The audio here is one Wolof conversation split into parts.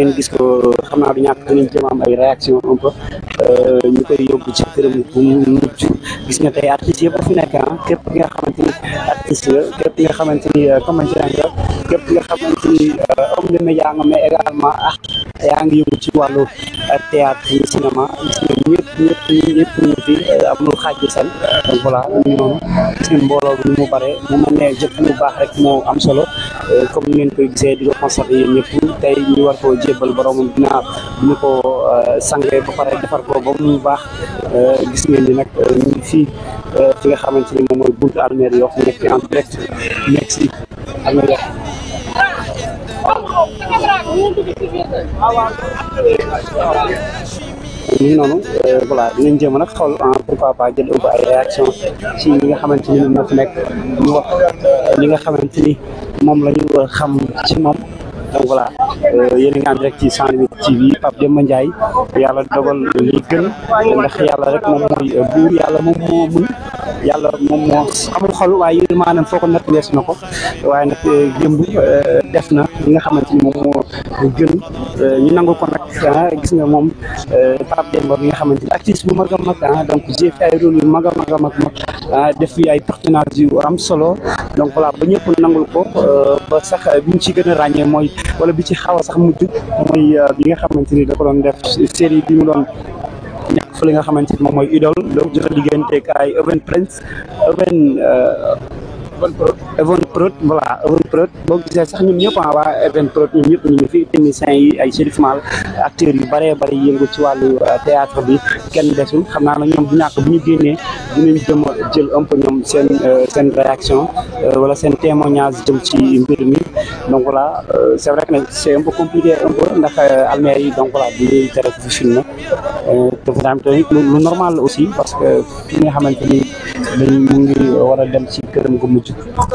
ngeen gis ko xam naa du ñàkk dinañ jëm am ay réaction un peu euh, ñu koy yóbbu ci këram bu mucc gis nga tey artistes yëpp fi nekk ah képp nga xamante ni artiste la képp ki nga xamante ni euh, comédien nga képp ki nga xamante euh, homme de média nga mais également ah yaa ngi yëngu ci wàllu théâtre yi cinéma gis nga ñëpp ñëpp ñëpp ñu fi bi seen donc bi ni mu bare mu mel ne jëf bu baax rek moo am solo comme ngeen koy gisee di ko constaté yéen ñëpp tey ñu war koo sebal borom dina niko eh, sangé ba paré defar ko ba bax gis ngeen ni eh, nak ñu eh, fi nga xamanteni mom moy mooy almer yo xamné ci en direct merci si voilà dinañ pourquoi pas jël voilà Eh, yéen nga ànd rek ci saint TV Pape Demba Ndiaye yàlla dogal li gën ndax yàlla rek moom mooy eh, buur yàlla moom moo mun yàlla moom moo xamul xol waaye yéen maanaam foo ko natt wees na ko waaye nag eh, jëmb def na li nga xamante ni moom gën ñu nangu ko nag ah, gis nga moom Pape Demba bi nga xamante ni bu mag a mag ah donc j'ai fait ay rôle yu mag a mag a ah def fi ay partenaires yu am solo donc voilà ba ñëpp nangul ko ba sax bi ñu ci gën a ràññee wala bi ci xaw a sax mujj muy euh, bi nga xamante ni da ko doon def série bi mu doon ñàkk fa li nga xamante ni moom mooy idole donc joxe digganteeg ay Oven Prince Oven Evenprod voilà Evenprod boo gisee sax ñun ñëpp ah waa Evenprod ñun ñëpp ñu ngi fi techniciens yi ay Chérif Mal acteurs yu bëree bëri yëngu ci wàllu euh, théâtre bi kenn desul xam naa nag ñoom bu ñàkk bu ñu génnee dinañ jëm jël un peu ñoom seen euh, seen réaction euh, wala seen témoignage jëm ci mbir mi donc voilà c' est vrai que nag c' est un peu compliqué un peu ndax almeer yi donc voilà du ñuy tere fi filmé te lu normal la aussi parce que fi nga xamante ni dañ ngi war a dem ci këram gu mujj فلست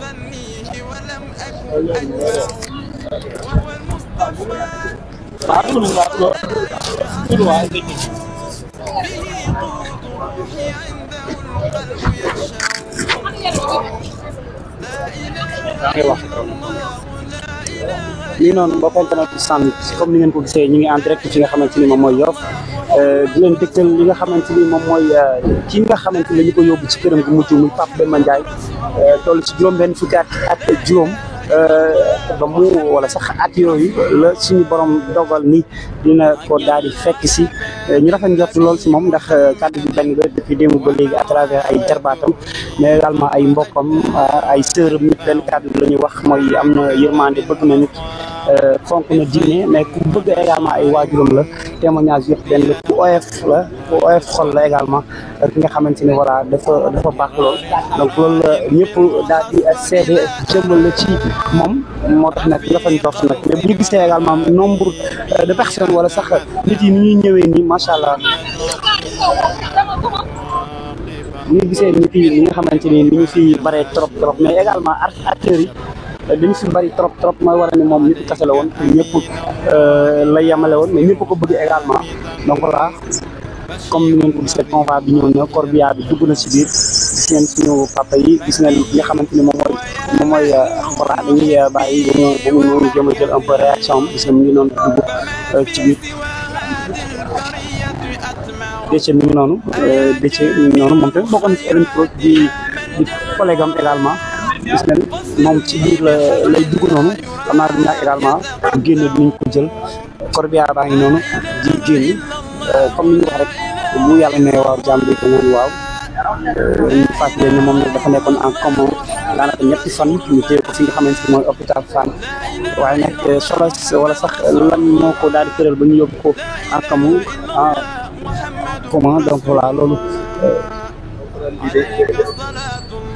ظنيه ولم أكن أنسى وهو المصطفى به طوب روحي عنده القلب يشعر لا إله إلا الله lii noonu mbokk internet ci Sans Lutte comme ni ngeen ko gisee ñu ngi en direct fi nga xamante ni moom mooy Yoff euh, di leen dëgtal li nga xamante ni moom mooy euh, ki nga xamante ni la ko yóbbu ci këram gu mujj muy Pape Demba Ndiaye euh, toll ci juróom benn fukki at ak juróom Euh, ba mu wala sax at yooyu la suñu borom dogal ni dina ko daal di fekk si euh, ñu rafet njort lool si moom ndax euh, kàddu bi benn la depuis démb ba léegi à travers ay jarbaatam mais également ay mbokkam ay sëram nit benn kàddu la ñuy wax mooy am na yërmande bëgg na nit Euh, fonk na diine mais ku bëgg également ay waajuram la témoignage yëpp benn ku oyof la ku oyof xol la également euh, ki nga xamante ni voilà dafa dafa baax lool donc loolu la ñëpp daal di seede jëmbal la ci moom moo tax nag la fañ toog nag mais bu ñu gisee également nombre euh, de personnes wala sax nit yi ni ñuy ñëwee nii macha allah. nu ñu gisee nit yi nga xamante ni ñu fi bare trop trop mais également acteurs yi. li ñu si bari trop trop mooy war a ni moom nit ku kese la woon ñëpp euh, la yemale woon ko bëgg également donc là comme ni ngeen ko gisee bi dugg na si biir gis ngeen suñu papa yi gis ngeen li nga xamante ni moom mooy moom mooy euh, xora dañuy euh, bàyyi ba mu ba mu ñëw jéem réaction am gis mu ngi noonu dugg ci biir di di également gis nañ moom ci biir la euh, lay dugg noonu xam naa du ñàkk également bu génne dinañ ko jël corbillard baa ngi noonu di génn euh, comme ni ñu wax rek bu yàlla ne waaw jàmm ko noonu waaw euh, ñu fàttali moom nag dafa nekkoon en commun daanaka ñetti fan ñu téye ko fi nga xamante ni mooy moo ko daal di ba ñu yóbbu ko en commun en commun donc voilà loolu.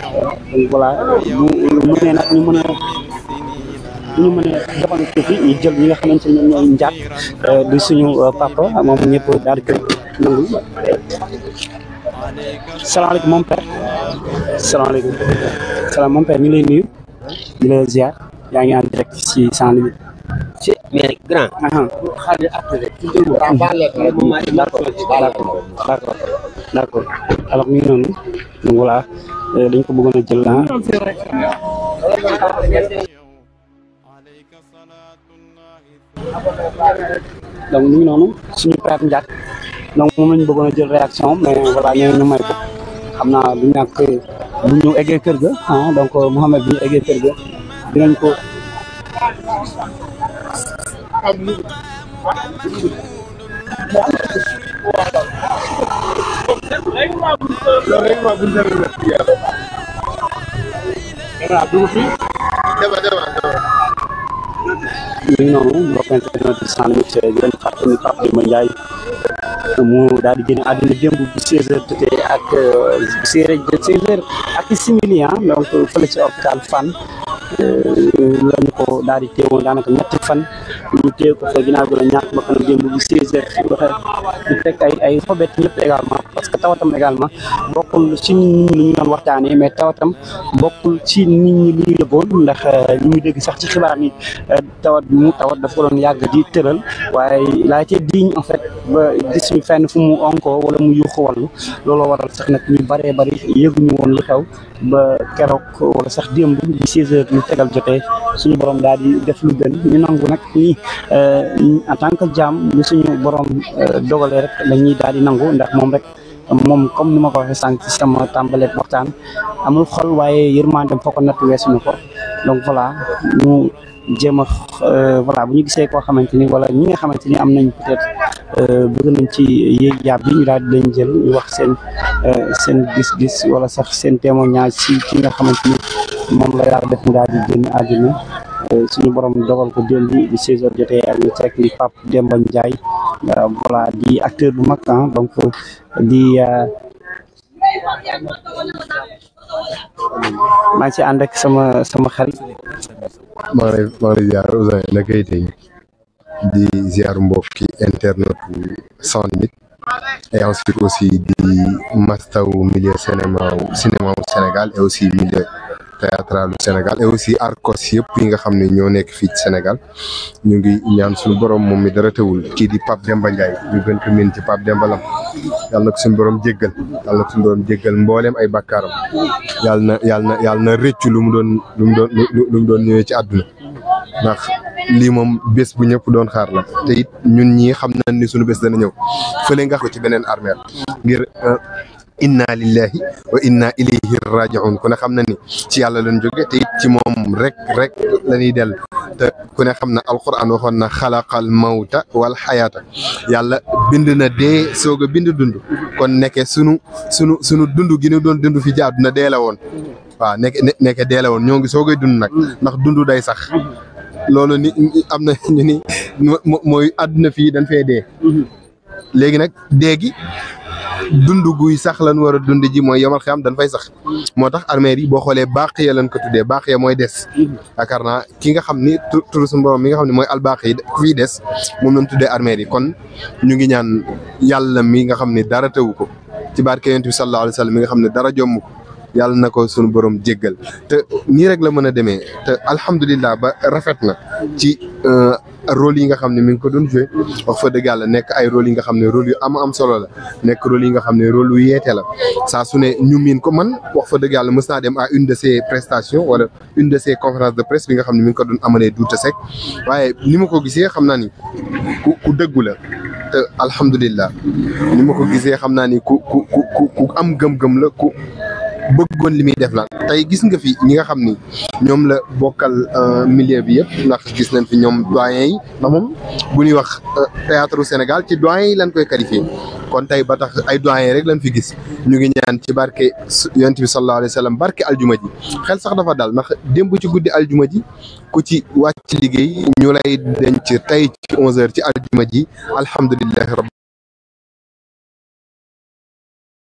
donc voilà ñu mënee nag ñu mën a ñu mën a doxal ci jël ñi nga xamante ne ñoom ñooy njaat di suñu papa moom ñëpp daal di koy nangu salaamaaleykum mon père salaamaaleykum salaam mon père ñu ngi lay nuyu di la yaa ngi en direct ci sans limite ci mais grand xale après d'accord alors ñu noonu donc voilà dañ ko bëggoon a jël ah donc ñu noonu suñu prêtre Ndiack donc moom lañ bëggoon a jël réaction mais voilà ñoo ñu may ko xam naa du ñàkk bu ñu kër ga ah, donc Mouhamed ñu eggee kër ga dinañ ko ñu ngi noonu mbokk internet bi Sans Limites di leen fàttali Pape Demba Ndiaye mu daal di génn àddina démb bi seize heures ak seize ak simili donc fële ci hôpital Fann lañu ko daal di teewoon daanaka ñetti fan mu téye ko fa ginnaaw gën a ñàkk ba kanam démb bu seize heures fekk ay ay xobet ñëpp également parce que tawatam également bokkul ci nit ñi lu ñu doon waxtaanee mais tawatam bokkul ci nit ñi lu ñu yëgoon ndax euh, ñu ngi dégg sax ci xibaar yi euh, tawat bi mu dafa ko doon yàgg di tëral waaye laa ci diñ en fait ba gisuñu fenn fu mu onko wala mu yuuxu wallu looloo waral sax nag ñu baree bari yëguñu woon lu xew ba keroog wala sax démb bi seize heures lu tegal jotee suñu borom daal di def lu gën ñu nangu nag nii euh, en tant que jaam lu suñu borom euh, dogalee rek dañuy daal di nangu ndax moom rek moom comme ni ma ko waxee sànq ci sama tàmbaleeg waxtaan amul xol waaye yërmande foo ko natt weesu na ko donc voilà. jéem a wala euh, bu ñu gisee koo wala ñi nga xamante ni am nañ peut être euh, bëgg nañ ci yéeg yàb bi ñu daal di leen jël ñu wax seen euh, seen gis-gis wala sax seen témoignage si ki nga xamante ni moom la yàlla def mu di génn àdduna suñu borom dogal ko démb bi 16 heures ak Demba di acteur bu mag ah donc di maa ngi ci ànd ak sama sama xarit. maa ngi lay maa ngi lay ziar Ouzin naka tey di ziar mbokki internet sans et ensuite aussi di mastawu milieu cinéma au cinéma au Sénégal et aussi milieu théâtral Sénégal et aussi arcos yépp yi nga xam ne ñoo nekk fii ci Sénégal ñu ngi ñaan suñu borom moom mi dara teewul kii di pap Demba Ndiaye ñu gën ko min ci Pape Demba Lam yàlla ko suñu borom jéggal yàlla na ko suñu borom jéggal mbooleem ay bàkkaaram yàlla na yàlla na yàlla na rëccu lu mu doon lu mu doon lu mu doon ñëwee ci àdduna ndax li moom bés bu ñëpp doon xaar la te it ñun ñii xam nañ ni suñu bés dana ñëw fële nga ko ci beneen armeel ngir uh, inna lillahi wa inna ilayhi rajiun ku ne xam na ni ci yàlla lañ jóge te ci moom rek rek la ñuy te ku ne xam na alquran waxoon na xalaqal mawta wal xayaata yàlla bind na dee soog a bind dund kon nekke sunu sunu sunu dund gi nu doon dund fi ci àdduna dee la woon waa nekk nekk dee la woon ñoo ngi soogay dund nag ndax dund day sax loolu ni am na ñu ni mooy àdduna fii dañ fee de mm-hmm. léegi nag dee gi guy sax lan war a dund ji mooy yomal xam dañ fay sax mm-hmm. moo tax armée yi boo xoolee baax ya lan ko tuddee baax ya mooy des mm-hmm. yaakaar naa ki nga xam ni turu suñu borom mi nga xam ne mooy albaax yi ku fiy des moom lañ tuddee armée kon ñu ngi ñaan yàlla mi nga xam ne dara tëwu ko ci barke yonent bi sallallahu alayhi wa sallam mi nga xam ne dara jomm yàlla na ko sunu borom jéggal te nii rek la mën a demee te alhamdulillah ba rafet na ci euh, rôle yi nga xam ne mi ngi ko doon joué wax fa dëgg yàlla nekk ay rôle yi nga xam ne rôle yu am am solo la nekk rôle yi nga xam ne rôle yu yeete la saa su ne ñu miin ko man wax fa dëgg yàlla mës naa dem ah une de ses prestations wala une de ses conférences de presse bi nga xam ne mi ngi ko doon amalee Douta Seck waaye ni ma ko gisee xam naa ni ku ku dëggu la te alhamdulilah ni ma ko gisee xam naa ni ku ku am gëm-gëm la ku bëggoon li muy def la tey gis nga fi ñi nga xam ni ñoom la bokkal milieu bi yëpp ndax gis nañ fi ñoom doyen yi ndax moom bu ñuy wax théâtre Sénégal ci doyen yi lañ koy qualifier kon tey ba tax ay doyen rek lañ fi gis ñu ngi ñaan ci barke yonent bi sallallahu alayhi wasallam barke aljuma ji xel sax dafa dal ndax démb ci guddi aljuma ji ku ci wàcc liggéey ñu lay denc tey ci 11 heures ci aljuma ji alhamdulillahi rabbi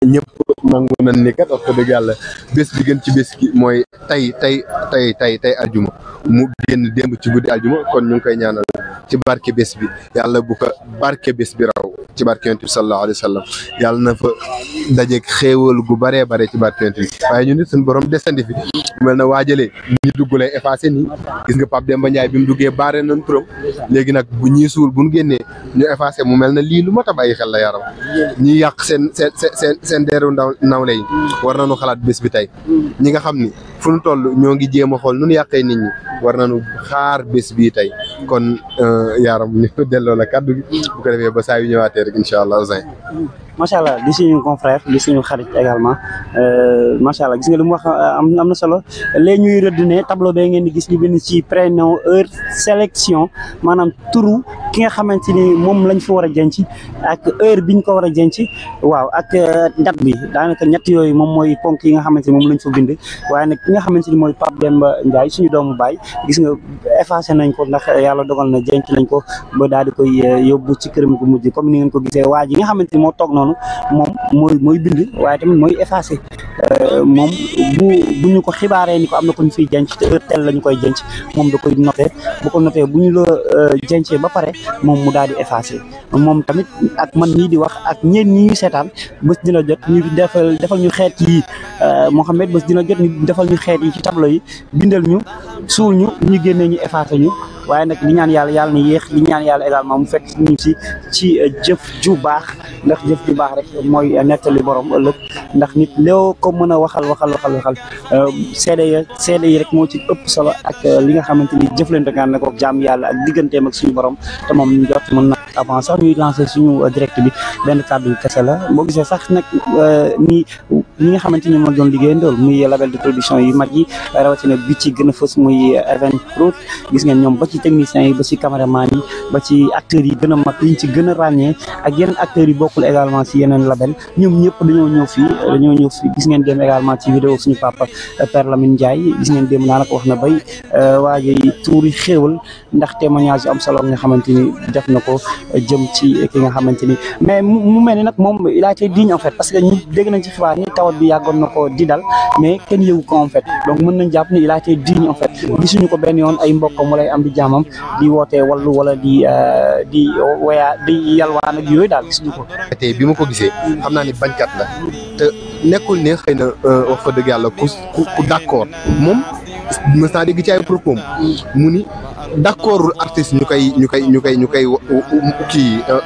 ñëpp nangu na ni kat wax dëgg yàlla bés bi gën ci bés gi mooy tey tey tey tey tey aljuma mu génn démb ci guddi aljuma kon ñu ngi koy ñaanal ci barke bés bi yàlla bu ko barke bés bi raw ci barke yonent bi sallallahu alayhi wa na fa dajeeg xéewal gu baree bare ci barke waaye ñun it suñu borom desandi fi mel na waajalee ñu dugg lay effacé nii gis nga Pape Demba Ndiaye bi mu duggee baare nañ turam léegi nag bu ñuy suul bu ñu génnee ñu effacé mu mel na lii lu mat a bàyyi xel la yaram ñi yàq seen seen seen seen deeru ndaw nawle yi war na nañu xalaat bés bi tey ñi nga xam ni fu nu toll ñoo ngi jéem a xool nu nu yàqee nit ñi war na nañu xaar bés bii tey kon euh, yaaram ni delloo la kàddu gi bu ko defee ba saa yu ñëwaatee rek incha allah. macha di suñu confrère di suñu xarit également euh, macha allah gis nga lu mu wax euh, am solo léegi ñuy rëdd ne tableau bee ngeen di gis ñu bind ci prénom heure sélection maanaam turu ki nga xamante ni moom lañ fi war a ak heure biñ ko war a waaw ak euh, date bi daanaka ñett yooyu moom mooy ponk yi nga xamante ni moom lañ fa bind waaye nag ki nga xamante ni mooy Pape Demba Ndiaye suñu doomu baay gis nga effacé nañ ko ndax yàlla dogal na jenc nañ ko ba daal di koy yóbbu ci këram gu mujj comme ni ngeen ko gisee waa nga xamante mo tok na noonu moom mooy mooy bind waaye tamit mooy effacé euh, moom bu bu ñu ko xibaaree ni ko am na ko fi fiy jenc te la koy jenc moom da koy noté bu ko noté bu ñu la jencee euh, ba pare moom mu daal di effacé moom tamit ak man ñii di wax ak ñeen ñi ñu seetaan bés dina jot ñu defal defal ñu xeet yi euh, Mouhamed bés dina jot ñu defal ñu xeet yi ci tableau yi bindal ñu suul ñu ñu génnee ñu effacé ñu waaye nag li ñaan yàlla yàlla na yéex li ñaan yàlla également mu fekk ñu si ci jëf ci baax rek mooy nettali borom ëllëg ndax nit loo ko mën a waxal waxal waxal waxal euh, seede ya seede yi rek moo ci ëpp solo ak euh, li nga xamante ni jëflante ngaan na ko jaam yàlla ak digganteem ak suñu borom te moom ñu jot mën na avant sax ñuy lancer suñu direct bi benn kàddu kese la boo gisee sax nag euh, ni ñi nga xamante ni moo doon liggéey ndool muy label de production yu mag yi rawatina bi ci gën a muy event pro gis ngeen ñoom ba ci techniciens yi ba ci caméraman yi ba ci acteurs yi gën a mag liñ ci gën a ak yeneen acteurs yi bokkul également ci yeneen label ñoom ñëpp dañoo ñëw fii dañoo ñëw fii gis ngeen dem également ci vidéo suñu papa euh, Père Lamine Ndiaye gis ngeen dem daanaka wax na bay euh, waaje tuuri xéewal ndax témoignage am solo nga xamante ni def na jëm ci ki nga xamante ni mais mu mel ni nag moom il a été digne en que ñu dégg nañ ci xibaar ni tawat bi yàggoon na ko di dal mais kenn yëgu ko en fait donc mën nañ jàpp ni il a été digne gisuñu ko benn yoon ay mbokkam wala ay am di jaamam di wootee wallu wala di euh, di waya di yalwaan ak yooyu daal gisuñu ko tey bi ma ko gisee xam naa ni bañkat la te nekkul ne xëy na euh, wax fa dëgg yàlla ku ku d'accord moom mës naa dégg ci ay propos mu ni D'accord artiste ñu koy ñu ñu euh, euh,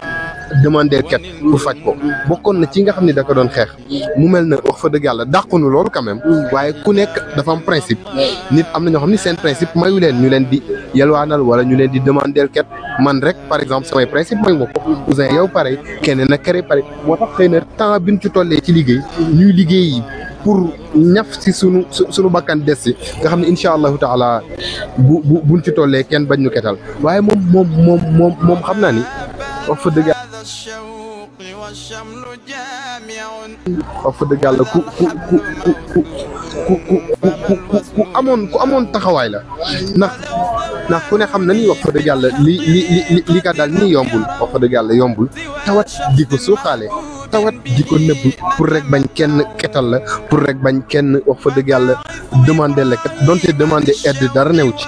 demander kat pour fajj ko bokon na ci nga xamni ne da ko doon xex mu mel wax fa quand même waye ku nek dafa am principe nit amna principe mayu len ñu len di wala ñu demander man par exemple samay principe mayu yow pare temps biñ ci tollé ci ñuy pour ñaf si sunu suñu bakkan des si nga xam ne incha allahu taala bu bu buñ ci tollee kenn bañ ñu ketal waaye moom moom moom moom moom xam naa ni wax fa dëgg wax fa dëgg yàlla ku ku ku ku ku ku ku amoon ku amoon taxawaay la ndax ndax ku ne xam na ni wax fa dëgg yàlla li li li li kat daal nii yombul wax fa dëgg yàlla yombul tawat di ko suuxaale tawat di ko nëbb pour rek bañ kenn xetal la pour rek bañ kenn wax fa dëgg yàlla demande lekkat donte demande aide dara new ci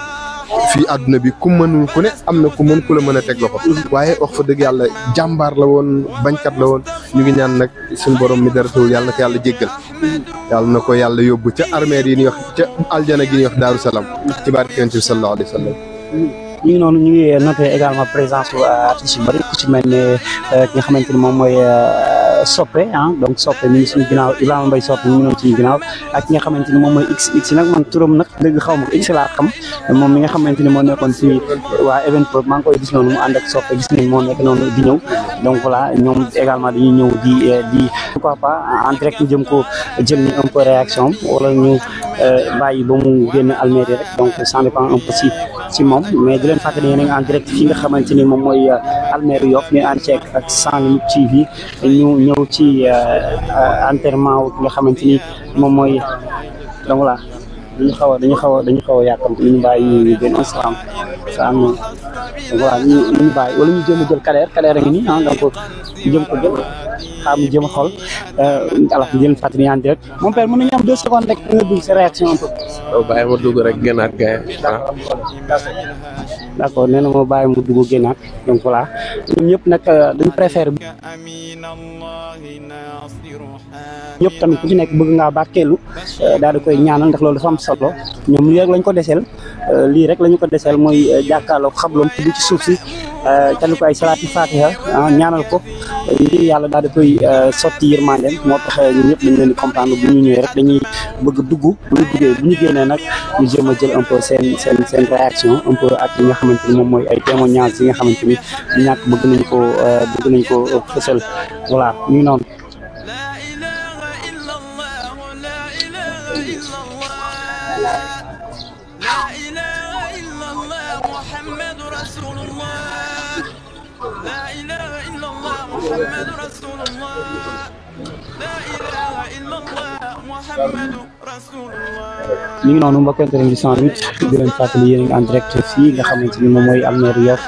fii àdduna bi ku mënul ku ne am na ku mën ku la mën a teg loxo waaye wax fa dëgg yàlla jàmbaar la woon bañkat la woon ñu ngi ñaan nag suñu borom mi dara yàlla na ko yàlla jéggal yàlla na ko yàlla yóbbu ca armeer yi ñuy wax ca aljana gi ñuy wax daaru salaam ci barke yonent bi sallallahu alayhi wa sallam ñu noonu ñu ngi noté présence artistes yu bëri ku ne ki nga xamante ni moom mooy soppe ah donc soppe mi ngi suñu ginnaaw Ibrahima Mbaye soppe mi noonu suñu ginnaaw ak ki nga xamante ni moom mooy x x nag man turam nag dëgg xaw ma ko laa xam moom mi nga xamante ni moo nekkoon ci waa event pro maa ngi koy gis noonu mu ànd ak soppe gis nañ moo nekk noonu di ñëw donc voilà ñoom également dañuy ñëw di eh, di pourquoi pas en direct ñu jëm ko jël ni un peu réaction wala ñu eh, bàyyi ba mu génn almeri rek donc ça dépend un peu ci moom mais di leen fàttali yéen a direct fi nga xamante ni moom mooy euh, almeeru Yoff ñu ànd ceeg ak Sans Limites TV ñu ñëw ci euh, euh, enterrement nga xamante ni moom mooy donc voilà. dañu xawa dañu xawa dañu xawa a yàkkamti ñu bàyyi gën islam sa am voilà ñu ñu bàyyi wala ñu jëm jël kaleer kaleer ngi nii ah donc jëm ko jël xam jëm xol alors jël fàttali yaan direct mon père mënu ñu am deux secondes rek nga dugg sa réaction un peu waaw bàyyi ma dugg rek gënaat gaay ah. d' accord nee na ma bàyyi ma dugg gënaat donc voilà ñun ñëpp nag euh, dañ préfère ñëpp tamit ku ci nekk bëgg ngaa barkeelu eh, daal di koy ñaanal ndax loolu dafa am solo ñoom lii rek lañ ko deseel eh, lii rek lañu ko deseel mooy eh, jàkkaarloo xabloom tudd ci suuf si callu ko ay salaati fatiha ah, ñaanal ko ngir yàlla daal di koy sotti yërmandem moo tax ñun ñëpp dañ leen di comprendre bu ñu ñëwee rek dañuy bëgg dugg bu ñu duggee bu ñu génnee nag ñu jéem a jël un peu seen seen seen réaction un peu ak yi nga xamante ni moom mooy ay témoignage yi nga xamante ni ñàkk bëgg nañ ko bëgg nañ ko fësal voilà ñu noonu mi ngi noonu mbokk internet bi fàttali yéen a ngi en nga xamante ni moom mooy Almere Yoff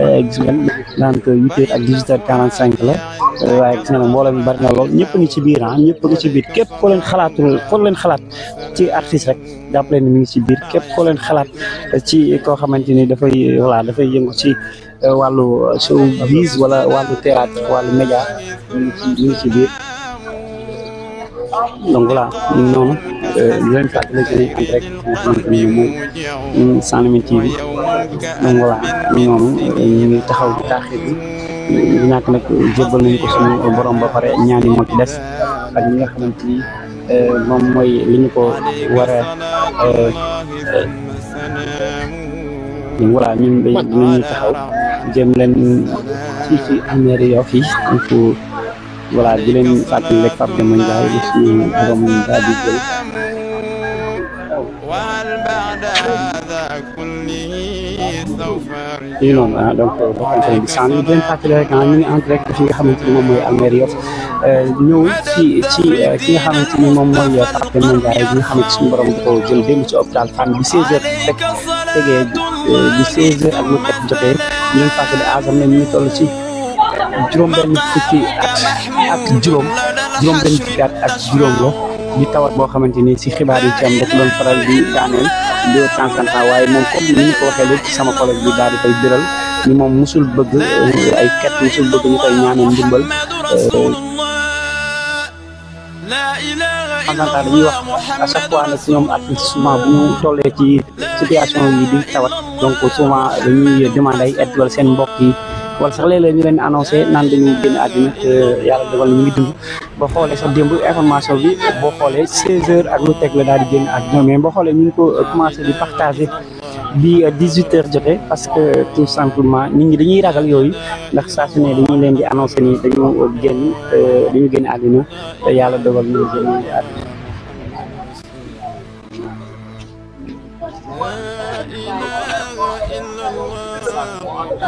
eh, gis ngeen naan ko 8 heures ak 18 heures 45 la eh, waaye gis ngeen mbooloo mi bari lool ñëpp ngi ci biir ah ñëpp ngi ci biir képp koo leen xalaatul xalaat ci artiste rek jàpp leen ni mi ngi ci biir képp koo leen xalaat ci koo xamante ni dafay voilà dafay yëngu ci eh, wàllu showbiz wala wàllu théâtre wàllu média mi ngi ci biir. donc voilà noonu di euh, leen fàttali rek en direct nga xamante ni moom Sans Limites TV donc voilà noonu euh, ñu taxaw ci taaxir bi di ñàkk nag jébbal nañ ko suñu borom ba pare ñaani moo des ak ñi nga xamante ni euh, moom mooy li ñu ko war a donc voilà taxaw jëm leen fii ci ameeri yoo fii donc voilà di leen fàttali rek Pape Demba Ndiaye di suñu borom daal di jël lii noonu ah donc bokkante bi sànni di leen fàttali rek ah ñu ngi en direct fi nga xamante ni moom mooy Almere Yoff euh, ñëw ci ci euh, ki nga xamante ni moom mooy Pape Demba Ndiaye bi nga xamante suñu borom da ko jël démb ci hôpital Fann bi 16 heures rek tegee bi 16 heures ak mu teg jotee ñu ngi fàttali aasam ne ñu ngi toll ci juróom benn fukki at ak juróom juróom benn fukki at ak juróom la di tawat boo xamante ni si xibaar yi ci am daf doon faral di daaneel di wër tànkan waaye moom comme ni ko waxee léegi sama collègue bi daal di koy biral ni moom musul bëgg eh, ay ket musul bëgg ñu koy ñaanal ndimbal Atlanta eh, dañuy wax à chaque fois nag ñoom artiste souvent bu ñu tollee ci situation yi di tawat donc souvent dañuy demander ay aide wala wala sax léeg ñu leen annoncé naan dañu génn àddina yàlla dogal na ñu ngi dund ba xoolee sax démb information bi boo xoolee 16 heures ak lu teg la daal di génn àddina mais boo xoolee ñu ngi ko commencé di partagé bi 18 heures jotee parce que tout simplement nit ñi dañuy ragal yooyu ndax saa su ne dañu leen di annoncé ni dañu génn euh, dañu génn àddina te yàlla dogal ñu génn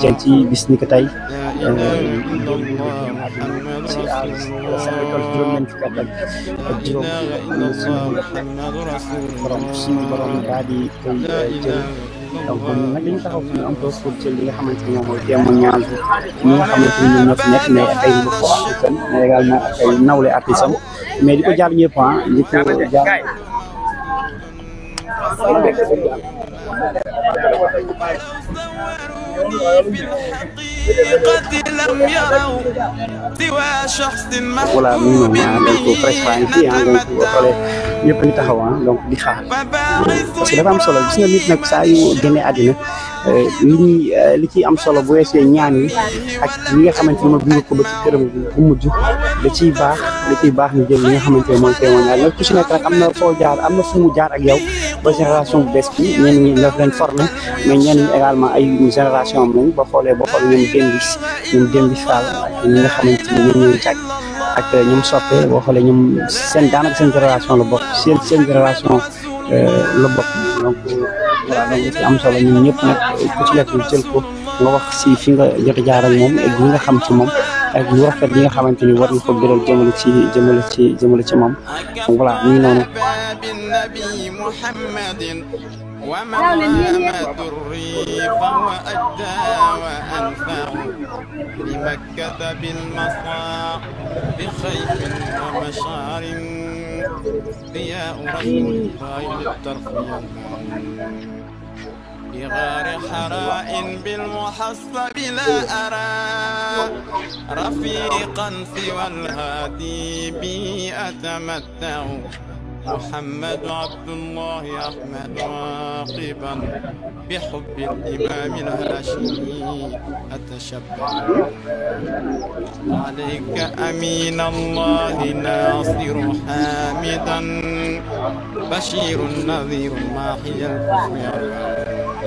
jël ci bis ni ko tey ci à sama école juróom-ñeent fukki at ak juróom borom suñu borom daal di koy jël donc ñun nag dañu taxaw fi ñu am toos pour jël li nga xamante ni moom mooy témoignage ñi nga xamante ni ñoom ñoo fi nekk mais ak ay mbokku africain mais également ak ay nawle artisan mais di ko jaar ñëpp ah di ko jaar voilà muy moom donc pratiquement fii ah donc boo xoolee ñëpp ñu di xaar parce que dafa solo gis nga nit nag saa yu génnee àddina euh, li ñuy euh, li ci am solo bu weesee ñaan yi ak li nga xamante ni ma gunge ko ba ci këram bu mujj da ciy baax da ciy baax ñu jël li nga xamante ne mooy témoignage nag ku si nekk rek am na foo jaar am na fu mu jaar ak yow. ba génération bu bees bi ñenn ñi daf leen formé mais ñenn ñi également ay génération am ba xoolee ba xoolee ñoom Dembis ñoom Dembis Fall ñi nga xamante ni ñoom ñooy càgg ak ñoom soppe boo xoolee ñoom seen daanaka seen génération la bokk seen seen génération euh, la bokk donc voilà donc ci am ñëpp nag ku ci nekk jël ko nga wax si fi nga jot jaaral moom ak ñi nga xam si moom. ak lu rafet li nga xamante ni war na ko gëral jëmale ci jëmale ci jëmale ci moom voilà ñu ngi noonu ومرامة الريف وأدى وأنفع لمكة بالمصاع بخيف ومشعر ضياء رسول الله للطرف يضمن غار حراء بالمحصب لا أرى رفيقا سوى الهادي بي أتمتع محمد عبد الله أحمد راقبا بحب الإمام الهاشمي أتشبع عليك أمين الله ناصر حامدا بشير نذير ماحي الكفر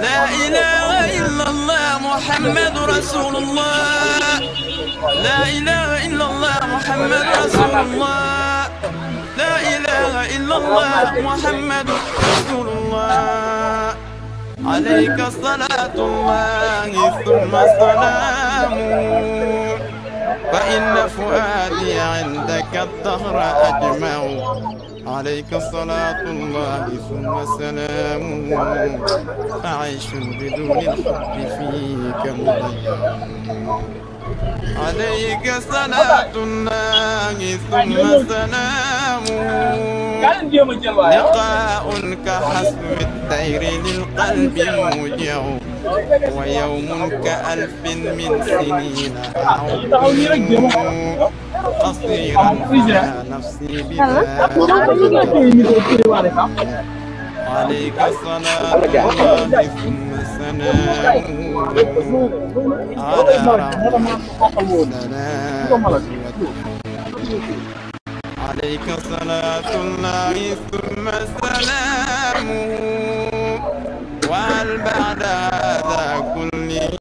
لا إله إلا الله محمد رسول الله لا إله إلا الله محمد رسول الله لا إله إلا الله محمد رسول الله عليك صلاة الله ثم السلام فإن فؤادي عندك الدهر أجمع عليك صلاة الله ثم سلام فعيش بدون الحب فيك مضيع عليك صلاة الله ثم سلام أيوة. لقاء كحسم الدير للقلب موجع ويوم كألف من سنين قصيرا نفسي بذلك أه؟ عليك صلاة الله عليك صلاة الله ثم سلامه